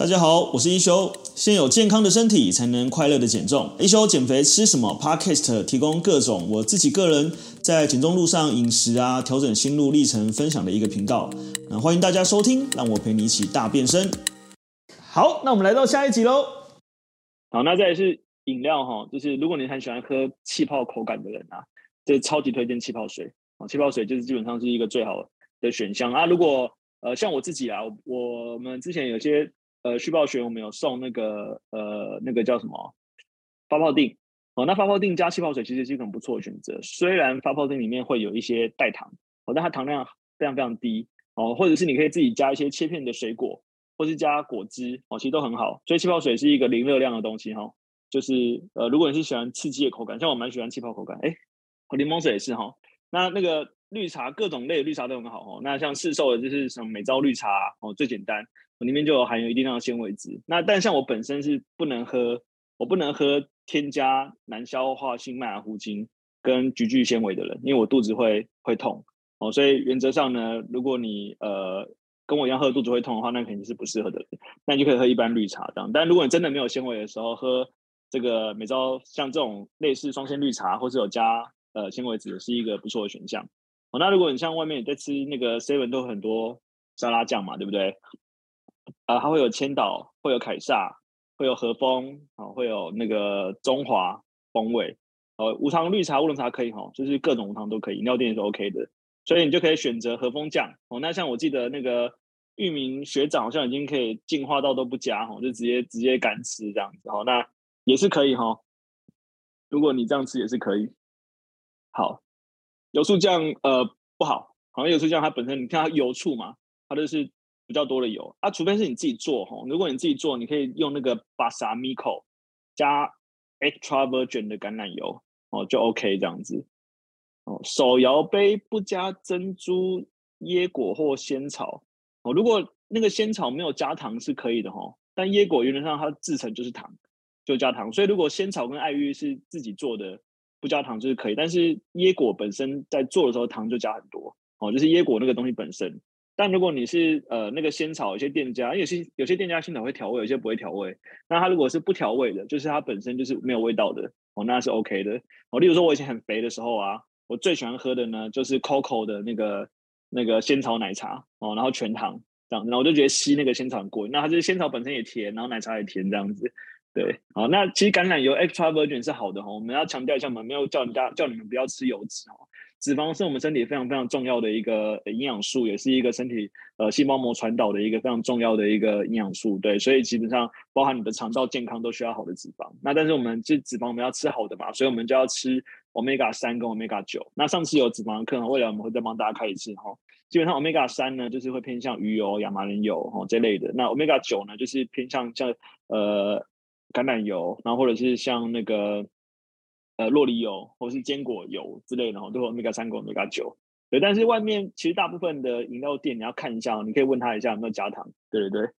大家好，我是一休。先有健康的身體，才能快樂的減重。一休減肥吃什麼？Podcast 提供各種我自己個人在減重路上飲食啊、調整心路歷程分享的一個頻道。那歡迎大家收聽，讓我陪你一起大變身。好，那我們來到下一集嘍。好，那再來是飲料哈，就是如果你很喜歡喝氣泡口感的人啊，這超級推薦氣泡水。氣泡水就是基本上是一個最好的選項啊。如果呃，像我自己啊，我，我們之前有些。呃，續泡學我們有送那個呃，那個叫什麼發泡錠哦，那發泡錠加氣泡水其實是一種不錯的選擇。雖然發泡錠裡面會有一些代糖哦，但它糖量非常非常低哦，或者是你可以自己加一些切片的水果，或是加果汁哦，其實都很好。所以氣泡水是一個零熱量的東西哈、哦。就是呃，如果你是喜歡刺激的口感，像我蠻喜歡氣泡的口感，哎、欸，檸檬水也是哈、哦。那那個綠茶各種類的綠茶都很好哦。那像市售的就是什麼每朝綠茶哦，最簡單。我裡面就有含有一定量的纖維質。那但像我本身是不能喝，我不能喝添加難消化性麥芽糊精，跟菊苣纖維的人，因為我肚子會會痛。哦，所以原則上呢，如果你呃跟我一樣喝肚子會痛的話，那肯定是不適合的人。那你就可以喝一般綠茶這樣。但如果你真的沒有纖維的時候，喝這個每朝像這種類似雙纖綠茶，或是有加呃纖維質，是一個不錯的選項。哦，那如果你像外面也在吃那個 Seven 都很多沙拉醬嘛，對不對？啊，它會有千島，會有凱撒，會有和風，啊，會有那個中華風味，哦、啊，無糖綠茶、烏龍茶可以哈、哦，就是各種無糖都可以，飲料店也是 OK 的，所以你就可以選擇和風醬哦。那像我記得那個玉明學長好像已經可以進化到都不加哈、哦，就直接直接乾吃這樣子哈、哦，那也是可以哈、哦。如果你這樣吃也是可以。好，油醋醬呃不好，好像油醋醬它本身你看它油醋嘛，它就是。比較多的油啊，除非是你自己做哈、哦。如果你自己做，你可以用那個 balsamico 加 extra virgin 的橄欖油哦，就 OK 這樣子。哦，手搖杯不加珍珠椰果或仙草哦。如果那個仙草沒有加糖是可以的哈、哦，但椰果原則上它制成就是糖，就加糖。所以如果仙草跟愛玉是自己做的，不加糖就是可以。但是椰果本身在做的時候糖就加很多哦，就是椰果那個東西本身。但如果你是呃那個仙草，有些店家，有些有些店家仙草會調味，有些不會調味。那它如果是不調味的，就是它本身就是沒有味道的哦，那是 OK 的哦。例如說我以前很肥的時候啊，我最喜歡喝的呢就是 Coco 的那個那個仙草奶茶哦，然後全糖這樣，然後我就覺得吸那個仙草很過癮，那它就是仙草本身也甜，然後奶茶也甜這樣子，對好，哦，那其實橄欖油 extra virgin 是好的哈，我們要強調一下，我們沒有叫你家叫你們不要吃油脂哦。脂肪是我們身體非常非常重要的一個營養素，也是一個身體呃細胞膜傳導的一個非常重要的一個營養素。對，所以基本上包含你的腸道健康都需要好的脂肪。那但是我們這脂肪我們要吃好的嘛，所以我們就要吃 omega 三跟 omega 九。那上次有脂肪課，未來我們會再幫大家開一次哈。基本上 omega 三呢，就是會偏向魚油、亞麻仁油哈這類的。那 omega 九呢，就是偏向像呃橄欖油，然後或者是像那個。呃，酪梨油或是堅果油之類的，然後都有歐米伽三、歐米伽九。對，但是外面其實大部分的飲料店，你要看一下，你可以問他一下有沒有加糖。對對對。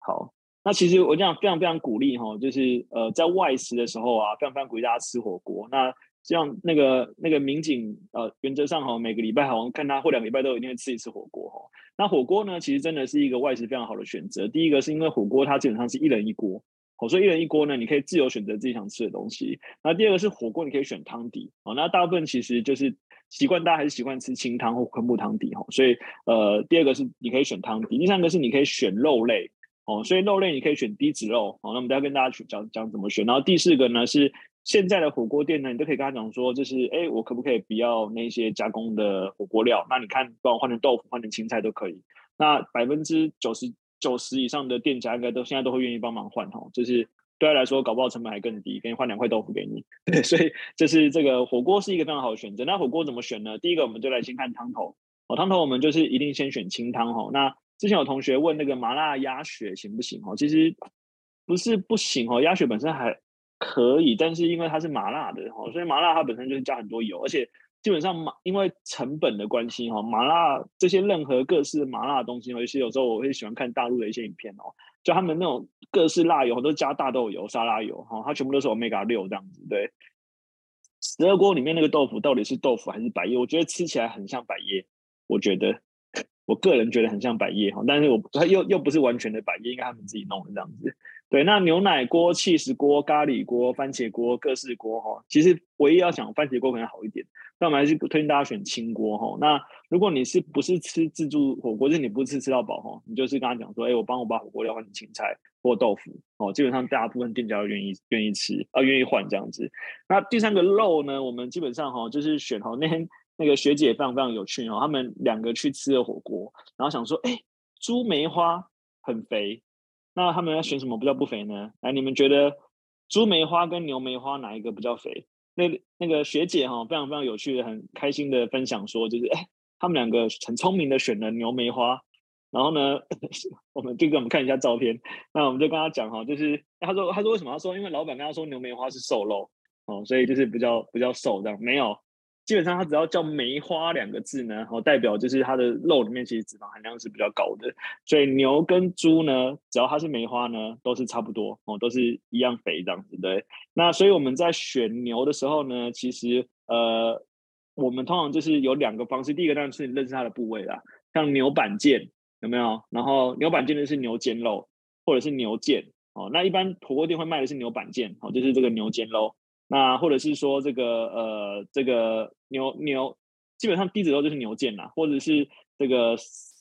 好，那其實我這樣非常非常鼓勵哈，就是呃，在外食的時候啊，非常非常鼓勵大家吃火鍋。那像那個那個民警呃，原則上好像每個禮拜好像看他或兩個禮拜都有一定會吃一次火鍋哈。那火鍋呢，其實真的是一個外食非常好的選擇。第一個是因為火鍋它基本上是一人一鍋。我所以一人一鍋呢，你可以自由選擇自己想吃的東西。那第二個是火鍋，你可以選湯底哦。那大部分其實就是習慣，大家還是習慣吃清湯或昆布湯底哈。所以呃，第二個是你可以選湯底，第三個是你可以選肉類哦。所以肉類你可以選低脂肉。好，那我們等下跟大家講講怎麼選。然後第四個呢，是現在的火鍋店呢，你都可以跟他講說，就是，誒、欸，我可不可以不要那些加工的火鍋料？那你看幫我換成豆腐、換成青菜都可以。那百分之九十。九十以上的店家應該都現在都會願意幫忙換吼，就是對他來說搞不好成本還更低，給你換兩塊豆腐給你，對，所以這是這個火鍋是一個非常好的選擇。那火鍋怎麼選呢？第一個我們就來先看湯頭哦，湯頭我們就是一定先選清湯吼，那之前有同學問那個麻辣鴨血行不行哦，其實不是不行哦，鴨血本身還可以，但是因為它是麻辣的吼，所以麻辣它本身就是加很多油，而且。基本上因為成本的關係哈，麻辣這些任何各式麻辣的東西，尤其是有時候我會喜歡看大陸的一些影片哦，就他們那種各式辣油，都加大豆油、沙拉油哈，它全部都是 Omega 6這樣子。對，十二鍋裡面那個豆腐到底是豆腐還是百葉？我覺得吃起來很像百葉，我覺得我個人覺得很像百葉哈，但是我它又又不是完全的百葉，應該他們自己弄的這樣子。對，那牛奶鍋、起司鍋、咖喱鍋、番茄鍋，各式鍋哈，其實唯一要想番茄鍋可能好一點，但我們還是推薦大家選清鍋哈。那如果你是不是吃自助火鍋，就是你不是吃吃到飽哈，你就是跟他講說，誒、欸、我幫我把火鍋料換成芹菜或豆腐哦，基本上大部分店家都願意願意吃啊，願意換這樣子。那第三個肉呢，我們基本上哈就是選哈，那天那個學姐非常非常有趣哈，他們兩個去吃了火鍋，然後想說，誒、欸、豬梅花很肥。那他們要選什麼比較不肥呢？哎，你們覺得豬梅花跟牛梅花哪一個比較肥？那那個學姐哈、哦，非常非常有趣的，很開心的分享說，就是誒他們兩個很聰明的選了牛梅花。然後呢，我們就給我們看一下照片。那我們就跟他講哈，就是他說他說為什麼？他說因為老闆跟他說牛梅花是瘦肉哦，所以就是比較比較瘦這樣。沒有。基本上，它只要叫梅花兩個字呢，哦，代表就是它的肉裡面其實脂肪含量是比較高的。所以牛跟豬呢，只要它是梅花呢，都是差不多哦，都是一樣肥這樣子，對，對。那所以我們在選牛的時候呢，其實呃，我們通常就是有兩個方式。第一個當然是你認識它的部位啦，像牛板腱有沒有？然後牛板腱就是牛肩肉或者是牛腱哦。那一般火鍋店會賣的是牛板腱哦，就是這個牛肩肉。那或者是說這個呃這個牛牛，基本上低脂肉就是牛腱吶，啊，或者是這個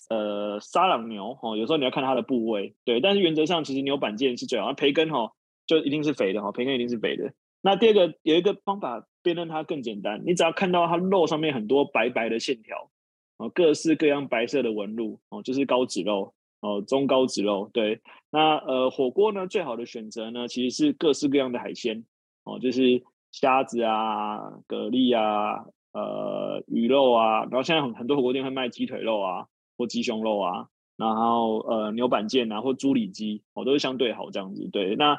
呃沙朗牛哦，有時候你要看它的部位，對。但是原則上，其實牛板腱是最好的。培根哈、哦，就一定是肥的哈，培根一定是肥的。那第二個有一個方法辨認它更簡單，你只要看到它肉上面很多白白的線條，哦，各式各樣白色的紋路哦，就是高脂肉哦，中高脂肉。對。那呃火鍋呢，最好的選擇呢，其實是各式各樣的海鮮。哦，就是蝦子啊、蛤蜊啊、呃魚肉啊，然後現在很很多火鍋店會賣雞腿肉啊或雞胸肉啊，然後呃牛板腱啊或豬里脊哦，都是相對好這樣子。對，那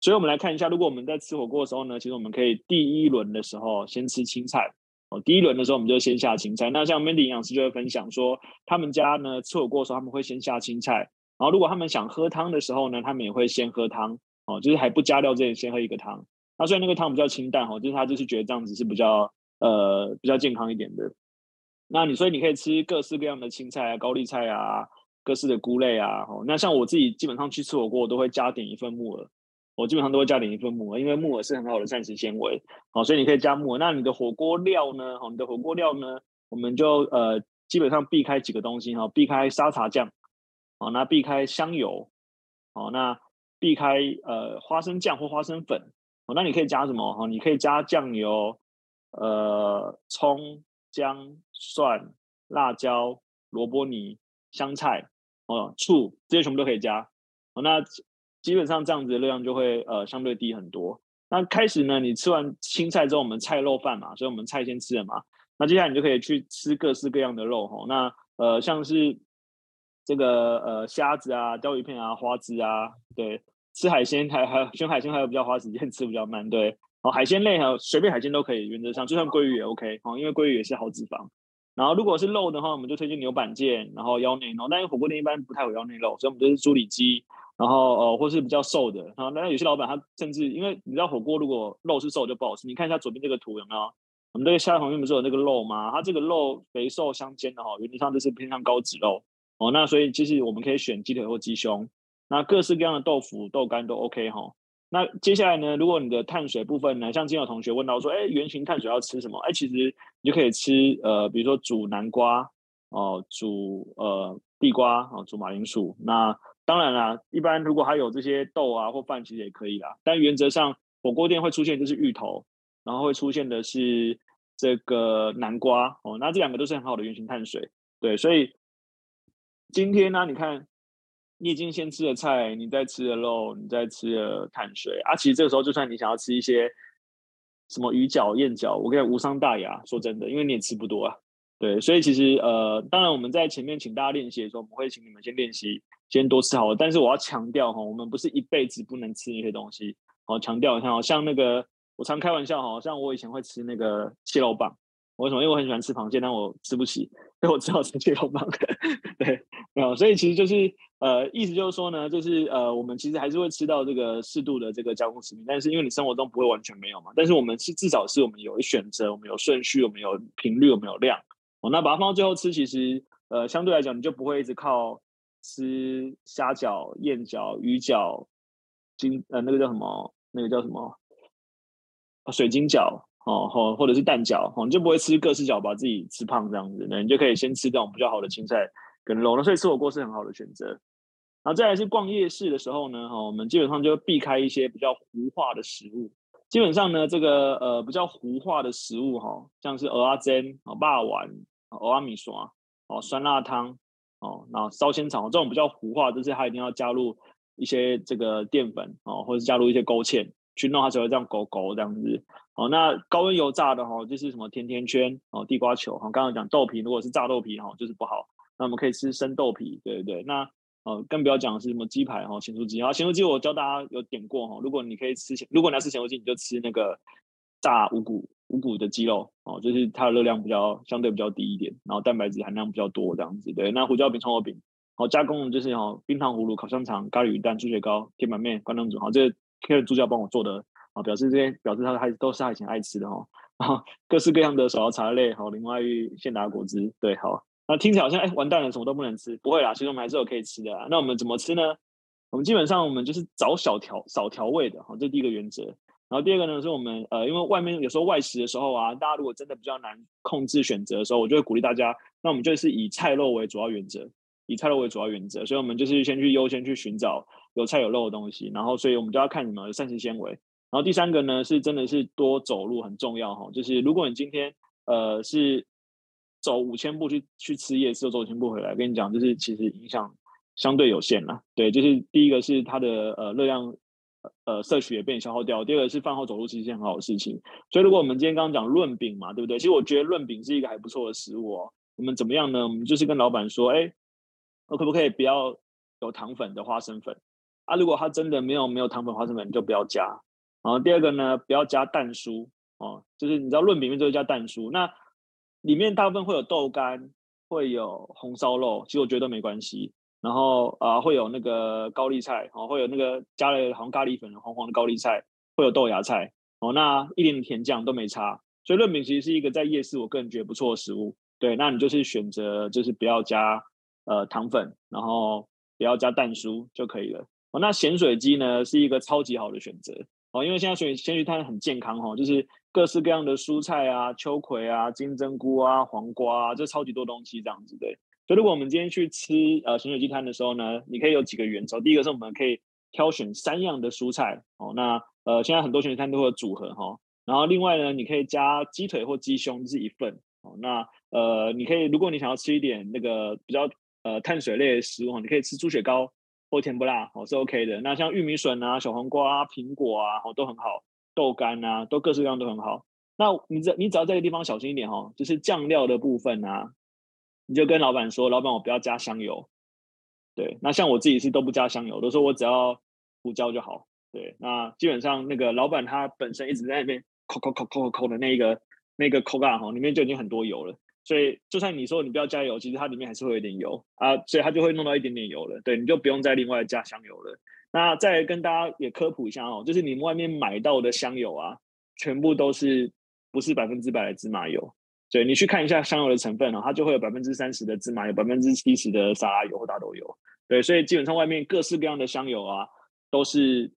所以我們來看一下，如果我們在吃火鍋的時候呢，其實我們可以第一輪的時候先吃青菜哦。第一輪的時候，我們就先下青菜。那像 Mandy 營養師就會分享說，他們家呢吃火鍋的時候，他們會先下青菜，然後如果他們想喝湯的時候呢，他們也會先喝湯哦，就是還不加料這裡先喝一個湯。那所以那個湯比較清淡哈，就是他就是覺得這樣子是比較呃比較健康一點的。那你所以你可以吃各式各樣的青菜啊、高麗菜啊、各式的菇類啊。哦，那像我自己基本上去吃火鍋，我都會加點一份木耳。我基本上都會加點一份木耳，因為木耳是很好的膳食纖維。好，所以你可以加木耳。那你的火鍋料呢？好，你的火鍋料呢？我們就呃基本上避開幾個東西哈，避開沙茶醬。好，那避開香油。好，那避開呃花生醬或花生粉。那你可以加什麼？哈，你可以加醬油、呃，蔥、薑、蒜、辣椒、蘿蔔泥、香菜，哦、呃，醋這些全部都可以加。呃、那基本上這樣子熱量就會呃相對低很多。那開始呢，你吃完青菜之後，我們菜肉飯嘛，所以我們菜先吃了嘛。那接下來你就可以去吃各式各樣的肉，哈。那呃，像是這個呃蝦子啊、鯛魚片啊、花枝啊，對。吃海鮮還海鮮還選海鮮還有比較花時間，吃比較慢，對。哦，海鮮類還有隨便海鮮都可以原則，原則上就算鮭魚也 OK。哦，因為鮭魚也是好脂肪。然後如果是肉的話，我們就推薦牛板腱，然後腰內肉。但火鍋店一般不太有腰內肉，所以我們都是豬里脊，然後呃、哦、或是比較瘦的。然、哦、後那有些老闆他甚至因為你知道火鍋如果肉是瘦就不好吃，你看一下左邊這個圖有沒有？我們這個蝦旁邊不是有那個肉嗎？它這個肉肥瘦相間的話，原則上這是偏向高脂肉。哦，那所以其實我們可以選雞腿或雞胸。那各式各樣的豆腐、豆干都 OK 哈。那接下來呢？如果你的碳水部分呢，像今天有同學問到說，哎、欸，原型碳水要吃什麼？哎、欸，其實你就可以吃呃，比如說煮南瓜哦、呃，煮呃地瓜哦，煮馬鈴薯。那當然啦、啊，一般如果還有這些豆啊或飯，其實也可以啦。但原則上，火鍋店會出現就是芋頭，然後會出現的是這個南瓜哦。那這兩個都是很好的原型碳水。對，所以今天呢、啊，你看。你已經先吃了菜，你再吃了肉，你再吃了碳水啊，其實這個時候就算你想要吃一些什麼魚餃、燕餃，我跟你講無傷大雅。說真的，因為你也吃不多啊，對，所以其實呃，當然我們在前面請大家練習的時候，我們會請你們先練習，先多吃好了。但是我要強調哈，我們不是一輩子不能吃那些東西。好，強調一下哦，像那個我常開玩笑哈，像我以前會吃那個蟹肉棒，為什麼？因為我很喜歡吃螃蟹，但我吃不起，所以我只好吃蟹肉棒。對，沒有，所以其實就是。呃，意思就是說呢，就是呃，我們其實還是會吃到這個適度的這個加工食品，但是因為你生活中不會完全沒有嘛，但是我們是至少是我們有一選擇，我們有順序，我們有頻率，我們有量哦。那把它放到最後吃，其實呃，相對來講，你就不會一直靠吃蝦餃、燕餃、魚餃、金呃那個叫什麼，那個叫什麼，水晶餃哦，或或者是蛋餃哦，你就不會吃各式餃把自己吃胖這樣子。那你就可以先吃這種比較好的青菜跟肉，那所以吃火鍋是很好的選擇。然、啊、再來是逛夜市的時候呢，哈、哦，我們基本上就避開一些比較糊化的食物。基本上呢，這個呃比較糊化的食物，哈、哦，像是蚵仔煎、哦肉圓、蚵仔麵線、哦酸辣湯、哦那燒仙草這種比較糊化，就是它一定要加入一些這個澱粉、哦、或者是加入一些勾芡去弄它，才會這樣勾勾這樣子。哦，那高溫油炸的哈、哦，就是什麼甜甜圈、哦地瓜球、哈、哦、剛剛講豆皮，如果是炸豆皮哈、哦，就是不好。那我們可以吃生豆皮，對不對？那。哦，更不要講的是什麼雞排哈、哦，鹹酥雞，然鹹酥雞我教大家有點過哈、哦，如果你可以吃鹹，如果你要吃鹹酥雞，你就吃那個炸五穀五穀的雞肉哦，就是它的熱量比較相對比較低一點，然後蛋白質含量比較多這樣子，對。那胡椒餅、蔥油餅，好、哦、加工就是哦，冰糖葫蘆、烤香腸、咖喱魚蛋、豬血糕、鐵板麵、關東煮，好、哦，這是 K 的助教幫我做的啊、哦，表示這些，表示他還都是他以前愛吃的哈，然、哦、後、哦、各式各樣的手搖茶類，好、哦，另外現打果汁，對，好、哦。那、啊、聽起來好像哎、欸，完蛋了，什麼都不能吃？不會啦，其實我們還是有可以吃的啦。那我們怎麼吃呢？我們基本上我們就是找小調，少調味的哈，這是第一個原則。然後第二個呢，是我們呃，因為外面有時候外食的時候啊，大家如果真的比較難控制選擇的時候，我就會鼓勵大家，那我們就是以菜肉為主要原則，以菜肉為主要原則。所以我們就是先去優先去尋找有菜有肉的東西，然後所以我們就要看什麼膳食纖維。然後第三個呢，是真的是多走路很重要哈，就是如果你今天呃是。走五千步去去吃夜市，又走五千步回來。跟你講，就是其實影響相對有限啦。對，就是第一個是它的呃熱量呃攝取也被你消耗掉。第二個是飯後走路其實是一件很好的事情。所以，如果我們今天剛剛講潤餅嘛，對不對？其實我覺得潤餅是一個還不錯的食物哦。我們怎麼樣呢？我們就是跟老闆說，哎、欸，我可不可以不要有糖粉的花生粉啊？如果它真的沒有沒有糖粉花生粉，你就不要加。然後第二個呢，不要加蛋酥哦。就是你知道潤餅麵就是加蛋酥那。裡面大部分會有豆干，會有紅燒肉，其實我覺得都沒關係。然後啊，會有那個高麗菜啊、哦，會有那個加了好像咖喱粉的黃黃的高麗菜，會有豆芽菜哦。那一點點甜醬都沒差，所以潤餅其實是一個在夜市我個人覺得不錯的食物。對，那你就是選擇就是不要加呃糖粉，然後不要加蛋酥就可以了。哦，那鹹水雞呢是一個超級好的選擇哦，因為現在鹹水鹹水雞很健康哦，就是。各式各樣的蔬菜啊，秋葵啊，金針菇啊，黃瓜啊，這超級多東西這樣子對。所以如果我們今天去吃呃鹹水雞攤的時候呢，你可以有幾個原則。第一個是，我們可以挑選三樣的蔬菜哦。那呃，現在很多鹹水攤都會有組合哦。然後另外呢，你可以加雞腿或雞胸就是一份哦。那呃，你可以如果你想要吃一點那個比較呃碳水類的食物，你可以吃豬血糕或甜不辣哦是 OK 的。那像玉米筍啊、小黃瓜啊、蘋果啊，哦都很好。豆乾啊，都各式各樣都很好。那你只你只要在這個地方小心一點哦，就是醬料的部分啊，你就跟老板說，老板我不要加香油。對，那像我自己是都不加香油，都說我只要胡椒就好。對，那基本上那個老板他本身一直在那邊摳摳摳摳摳摳的那個那個摳乾哈，裡面就已經很多油了。所以，就算你說你不要加油，其實它裡面還是會有點油啊，所以它就會弄到一點點油了。對，你就不用再另外加香油了。那再來跟大家也科普一下哦，就是你們外面買到的香油啊，全部都是不是百分之百的芝麻油。對，你去看一下香油的成分哦，啊，它就會有百分之三十的芝麻油，百分之七十的沙拉油或大豆油。對，所以基本上外面各式各樣的香油啊，都是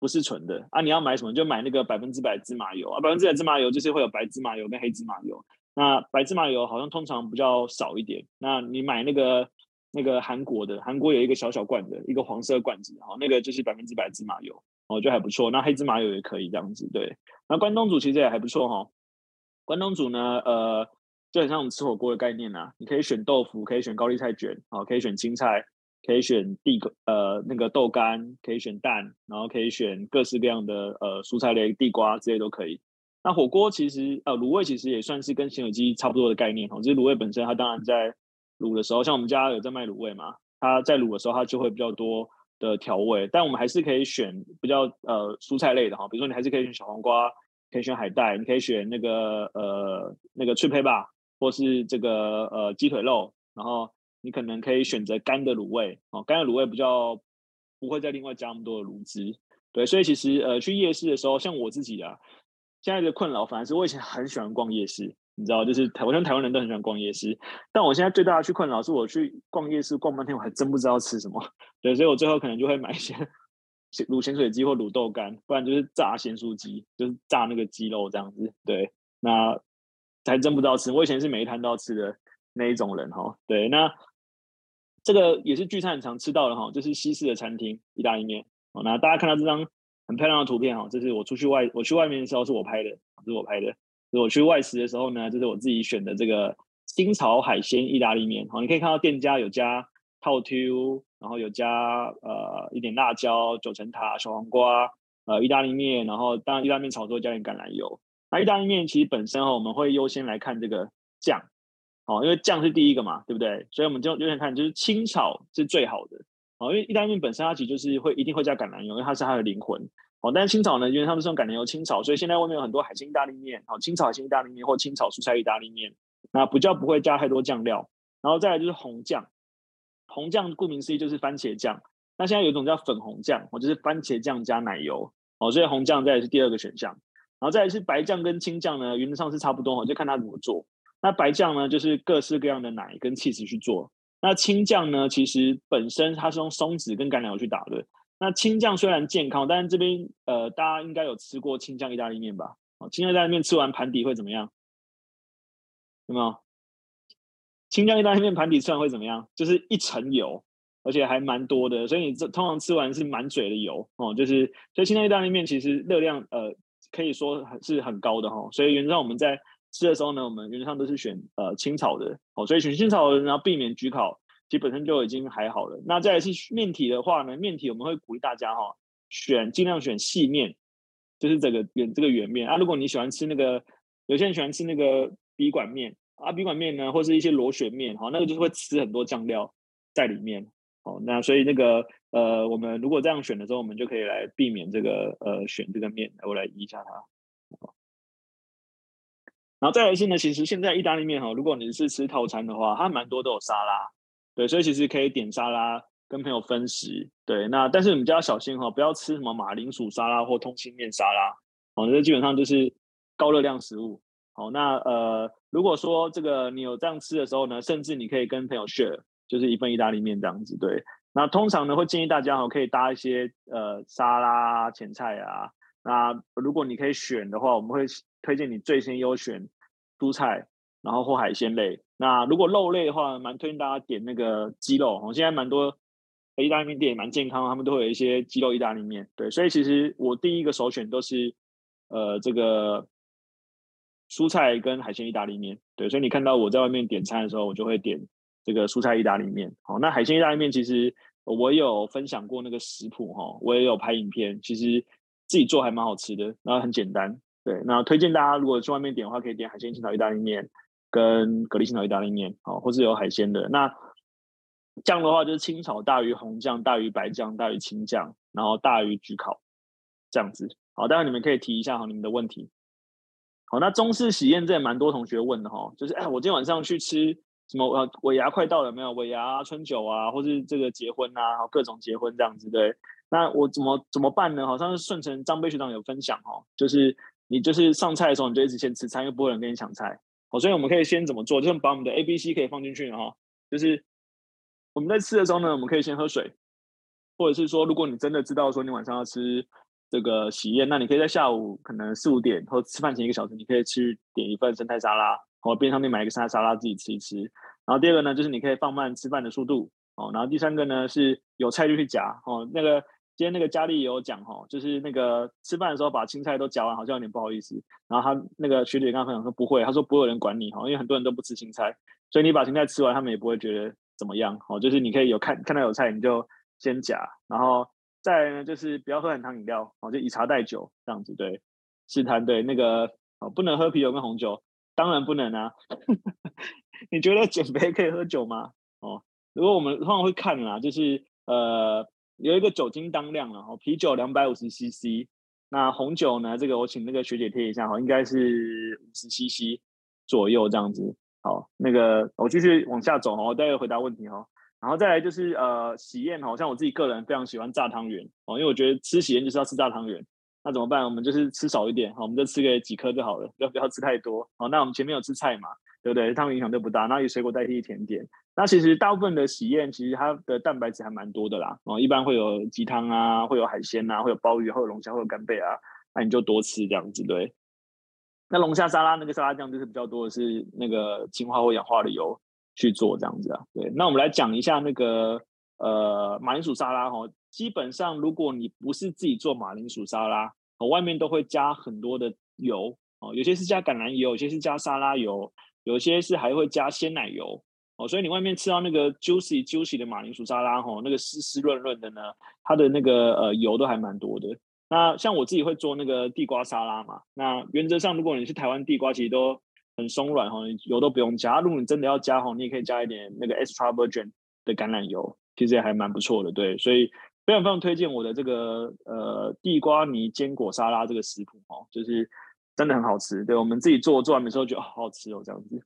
不是純的。啊，你要買什麼就買那個百分之百芝麻油啊，百分之百芝麻油就是會有白芝麻油跟黑芝麻油。那白芝麻油好像通常比較少一點。那你買那個那個韓國的，韓國有一個小小罐的一個黃色罐子，好，那個就是百分之百芝麻油，我覺得還不錯。那黑芝麻油也可以這樣子，對。那關東煮其實也還不錯哈。關東煮呢，呃，就很像我們吃火鍋的概念啊，你可以選豆腐，可以選高麗菜卷，好，可以選青菜，可以選地，呃，那個豆干，可以選蛋，然後可以選各式各樣的呃蔬菜類、地瓜這些都可以。那火鍋其實呃滷味其實也算是跟行走雞差不多的概念哦，就是滷味本身它當然在滷的時候，像我們家有在賣滷味嘛，它在滷的時候它就會比較多的調味，但我們還是可以選比較呃蔬菜類的哈，比如說你還是可以選小黃瓜，可以選海帶，你可以選那個呃那個脆培吧，或是這個呃雞腿肉，然後你可能可以選擇乾的滷味哦，乾、呃、的滷味比較不會再另外加那麼多的滷汁，對，所以其實呃去夜市的時候，像我自己啊。現在的困擾反而是我以前很喜歡逛夜市，你知道，就是台，我想台灣人都很喜歡逛夜市。但我現在最大的去困擾是，我去逛夜市逛半天，我還真不知道吃什麼。對，所以我最後可能就會買一些滷鹹水雞或滷豆干，不然就是炸鹹酥雞，就是炸那個雞肉這樣子。對，那還真不知道吃。我以前是每一攤都要吃的那一種人哈。對，那這個也是聚餐很常吃到的哈，就是西式的餐廳意大利麵。那大家看到這張。很漂亮的圖片哈，這是我出去外，我去外面的時候是我拍的，是我拍的。我去外食的時候呢，這是我自己選的這個清炒海鮮意大利麵。好，你可以看到店家有加泡椒，然後有加呃一點辣椒、九層塔、小黃瓜呃意大利麵，然後當然意大利麵炒之後加點橄欖油。那意大利麵其實本身哈，我們會優先來看這個醬，好，因為醬是第一個嘛，對不對？所以我們就優先看，就是清炒是最好的。哦，因為意大利面本身它其實就是會一定會加橄欖油，因為它是它的靈魂。哦，但是清炒呢，因為它們是用橄欖油清炒，所以現在外面有很多海鮮意大利麵，哦，清炒海鮮意大利麵或清炒蔬菜意大利麵，那比較不會加太多醬料。然後再來就是紅醬，紅醬顧名思義就是番茄醬。那現在有一種叫粉紅醬，哦，就是番茄醬加奶油。哦，所以紅醬再來是第二個選項。然後再來是白醬跟青醬呢，原則上是差不多哦，就看它怎麼做。那白醬呢，就是各式各樣的奶跟 cheese 去做。那青醬呢？其實本身它是用松子跟橄欖油去打的。那青醬雖然健康，但是這邊呃，大家應該有吃過青醬意大利麵吧？青醬意大利麵吃完盤底會怎麼樣？有沒有？青醬意大利麵盤底吃完會怎麼樣？就是一層油，而且還蠻多的，所以你這通常吃完是滿嘴的油哦。就是所以青醬意大利麵其實熱量呃可以說是很高的哈、哦。所以原則上我們在吃的時候呢，我們原則上都是選呃清炒的，好、哦，所以選清炒的，然後避免焗烤，其實本身就已經還好了。那再來是麵體的話呢，麵體我們會鼓勵大家哈、哦，選盡量選細麵，就是個這個圓這個圓麵啊。如果你喜歡吃那個，有些人喜歡吃那個筆管麵啊，筆管麵呢或是一些螺旋麵，好、哦，那個就是會吃很多醬料在裡面，好、哦，那所以那個呃，我們如果這樣選的時候，我們就可以來避免這個呃選這個麵，我來移一下它。然後再來是呢，其實現在意大利麵哈，如果你是吃套餐的話，它蠻多都有沙拉，對，所以其實可以點沙拉跟朋友分食，對。那但是我們就要小心哈，不要吃什麼馬鈴薯沙拉或通心麵沙拉，哦，這基本上就是高熱量食物。好，那呃，如果說這個你有這樣吃的時候呢，甚至你可以跟朋友 share，就是一份意大利麵這樣子，對。那通常呢會建議大家哈，可以搭一些呃沙拉、前菜啊。那如果你可以選的話，我們會推薦你最先優選蔬菜，然後或海鮮類。那如果肉類的話，蠻推薦大家點那個雞肉。哦，現在蠻多意大利麵店也蠻健康，他們都會有一些雞肉意大利麵。對，所以其實我第一個首選都是呃這個蔬菜跟海鮮意大利麵。對，所以你看到我在外面點餐的時候，我就會點這個蔬菜意大利麵。好，那海鮮意大利麵其實我有分享過那個食譜哈，我也有拍影片，其實。自己做還蠻好吃的，然後很簡單。對，那推薦大家如果去外面點的話，可以點海鮮清炒意大利麵跟蛤蜊清炒意大利麵，哦，或是有海鮮的。那醬的話就是清炒大於紅醬、大於白醬、大於青醬，然後大魚焗烤這樣子。好，待會你們可以提一下哈，你們的問題。好，那中式喜宴這也蠻多同學問的哈，就是哎、欸，我今天晚上去吃什麼？尾牙快到了沒有？尾牙春酒啊，或是這個結婚啊，然後各種結婚這樣子對。那我怎麼怎麼辦呢？好像是順成張貝學長有分享哦，就是你就是上菜的時候，你就一直先吃菜，又不會有人跟你搶菜。好，所以我們可以先怎麼做？就是把我們的 A、B、C 可以放進去哦。就是我們在吃的時候呢，我們可以先喝水，或者是說，如果你真的知道說你晚上要吃這個喜宴，那你可以在下午可能四五點或吃飯前一個小時，你可以去點一份生態沙拉，或邊上面買一個生態沙拉自己吃一吃。然後第二個呢，就是你可以放慢，慢吃飯的速度哦。然後第三個呢，是有菜就去夾哦，那個。今天那個佳麗也有講，就是那個吃飯的時候把青菜都夾完，好像有點不好意思。然後他那個學姐剛剛分享說不會，他說不會有人管你，因為很多人都不吃青菜，所以你把青菜吃完，他們也不會覺得怎麼樣哦。就是你可以有看看到有菜，你就先夾，然後再來呢就是不要喝含糖飲料哦，就以茶代酒這樣子對。試探對那個哦，不能喝啤酒跟紅酒，當然不能啊。 你覺得減肥可以喝酒嗎？哦，如果我們通常會看啦，就是呃。有一個酒精當量了，啤酒兩百五十 CC，那紅酒呢？這個我請那個學姐貼一下，哈，應該是五十 CC 左右這樣子，好，那個我繼續往下走，哈，我待會回答問題，哈，然後再來就是呃，喜宴，好像我自己個人非常喜歡炸湯圓，哦，因為我覺得吃喜宴就是要吃炸湯圓，那怎麼辦？我們就是吃少一點，好，我們就吃個幾顆就好了，不要不要吃太多，好，那我們前面有吃菜嘛？對對，他們影響都不大。那以水果代替甜點，那其實大部分的喜宴其實它的蛋白質還蠻多的啦、哦。一般會有雞湯啊，會有海鮮啊，會有鮑魚，會有龍蝦，會有干貝啊。那你就多吃這樣子對。那龍蝦沙拉那個沙拉醬就是比較多的是那個氫化或氧化的油去做這樣子啊。對，那我們來講一下那個呃馬鈴薯沙拉、哦、基本上如果你不是自己做馬鈴薯沙拉、哦，外面都會加很多的油哦，有些是加橄欖油，有些是加沙拉油。有些是還會加鮮奶油哦，所以你外面吃到那個 juicy juicy 的馬鈴薯沙拉吼、哦，那個濕濕潤潤的呢，它的那個呃油都還蠻多的。那像我自己會做那個地瓜沙拉嘛，那原則上如果你是台灣地瓜，其實都很鬆軟、哦、油都不用加。如果你真的要加、哦、你也可以加一點那個 extra virgin 的橄欖油，其實也還蠻不錯的，對。所以非常非常推薦我的這個呃地瓜泥堅果沙拉這個食譜哦，就是。真的很好吃，對，我們自己做做完之後覺得、哦、好好吃哦，這樣子。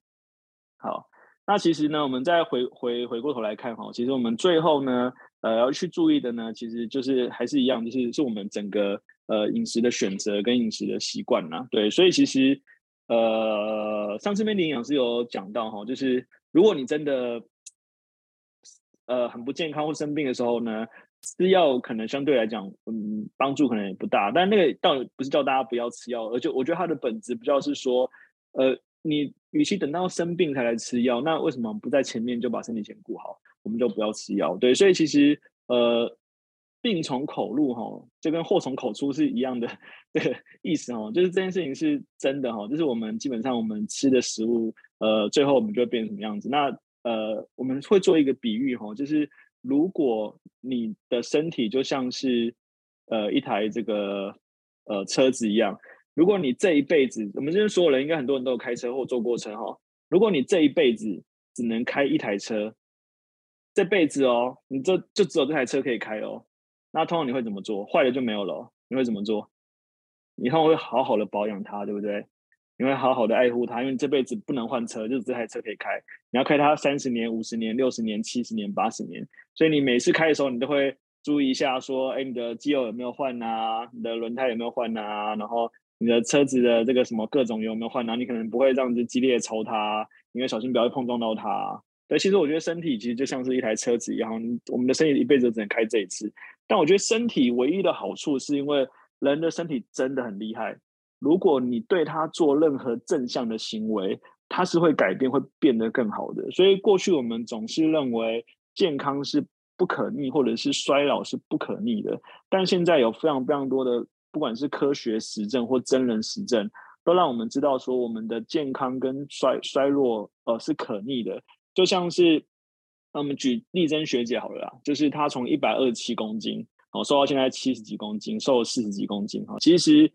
好，那其實呢，我們再回回回過頭來看哈，其實我們最後呢，呃，要去注意的呢，其實就是還是一樣，就是是我們整個呃飲食的選擇跟飲食的習慣啦、啊。對，所以其實呃上次面的營養師有講到哈，就是如果你真的呃很不健康或生病的時候呢。吃藥可能相對來講，嗯，幫助可能也不大。但那個倒不是叫大家不要吃藥，而且我覺得他的本質比較是說，呃，你與其等到生病才來吃藥，那為什麼不在前面就把身體先顧好，我們就不要吃藥？對，所以其實呃，病從口入哈、哦，就跟禍從口出是一樣的這個意思哈、哦，就是這件事情是真的哈、哦，就是我們基本上我們吃的食物，呃，最後我們就會變成什麼樣子？那呃，我們會做一個比喻哈、哦，就是。如果你的身體就像是呃一台這個呃車子一樣，如果你這一輩子，我們這邊所有人應該很多人都有開車或坐過車哈、哦。如果你這一輩子只能開一台車，這輩子哦，你這就，就只有這台車可以開哦。那通常你會怎麼做？壞了就沒有了、哦，你會怎麼做？以後會好好的保養它，對不對？你會好好的愛護它，因為你這輩子不能換車，就是這台車可以開。你要開它三十年、五十年、六十年、七十年、八十年，所以你每次開的時候，你都會注意一下，說：哎、欸，你的機油有沒有換啊？你的輪胎有沒有換啊？然後你的車子的這個什麼各種油有沒有換啊？你可能不會這樣子激烈的抽它，你要小心不要碰撞到它。而其實我覺得身體其實就像是一台車子一樣，我們的身體一輩子只能開這一次。但我覺得身體唯一的好處是因為人的身體真的很厲害。如果你對他做任何正向的行為，他是會改變，會變得更好的。所以過去我們總是認為健康是不可逆，或者是衰老是不可逆的。但現在有非常非常多的，不管是科學實證或真人實證，都讓我們知道說，我們的健康跟衰衰弱呃是可逆的。就像是那我們舉麗珍學姐好了啦，就是她從一百二十七公斤哦，瘦到現在七十幾公斤，瘦了四十幾公斤哈，其實。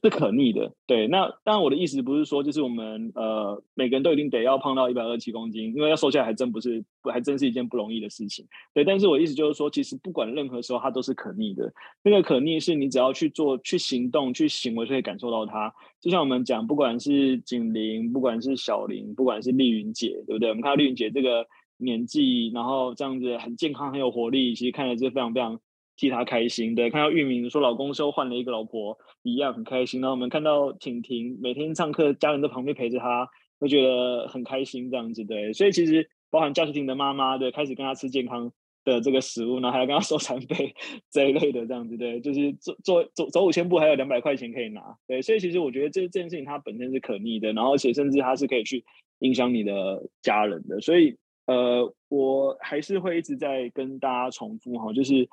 是可逆的，對。那但我的意思不是說，就是我們呃，每個人都一定得要胖到一百二十七公斤，因為要瘦下來還真不是，不，還真是一件不容易的事情。對，但是我的意思就是說，其實不管任何時候，它都是可逆的。那個可逆是，你只要去做、去行動、去行為，就可以感受到它。就像我們講，不管是景玲，不管是小玲，不管是麗雲姐，對不對？我們看到麗雲姐這個年紀，然後這樣子很健康、很有活力，其實看來是非常非常。替他開心，對，看到玉明說老公收換了一個老婆，一樣很開心。然後我們看到婷婷每天上課，家人都旁邊陪着他，會覺得很開心這樣子，對。所以其實包含賈斯汀的媽媽，對，開始跟他吃健康的這個食物，然後還要跟他收餐費這一類的這樣子，對。就是做做走走五千步，還有兩百塊錢可以拿，對。所以其實我覺得這這件事情它本身是可逆的，然後而且甚至它是可以去影響你的家人的。所以呃，我還是會一直在跟大家重複哈，就是。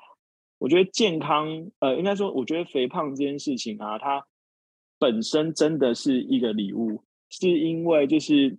我覺得健康，呃，應該說，我覺得肥胖這件事情啊，它本身真的是一個禮物，是因為就是，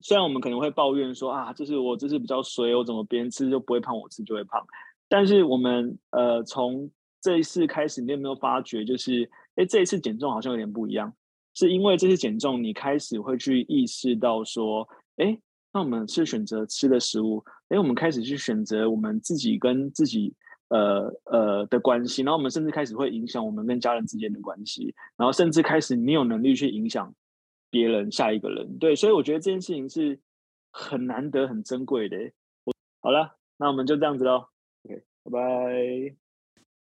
雖然我們可能會抱怨說啊，就是我就是比較衰，我怎麼別人吃就不會胖，我吃就會胖。但是我們呃，從這一次開始，你有沒有發覺，就是，誒、欸、這一次減重好像有點不一樣，是因為這次減重，你開始會去意識到說，誒、欸、那我們是選擇吃的食物，誒、欸、我們開始去選擇我們自己跟自己。呃呃的關係，然後我們甚至開始會影響我們跟家人之間的關係，然後甚至開始你有能力去影響別人下一個人，對，所以我覺得這件事情是很難得、很珍貴的。我好了，那我們就這樣子嘍，Okay，拜拜。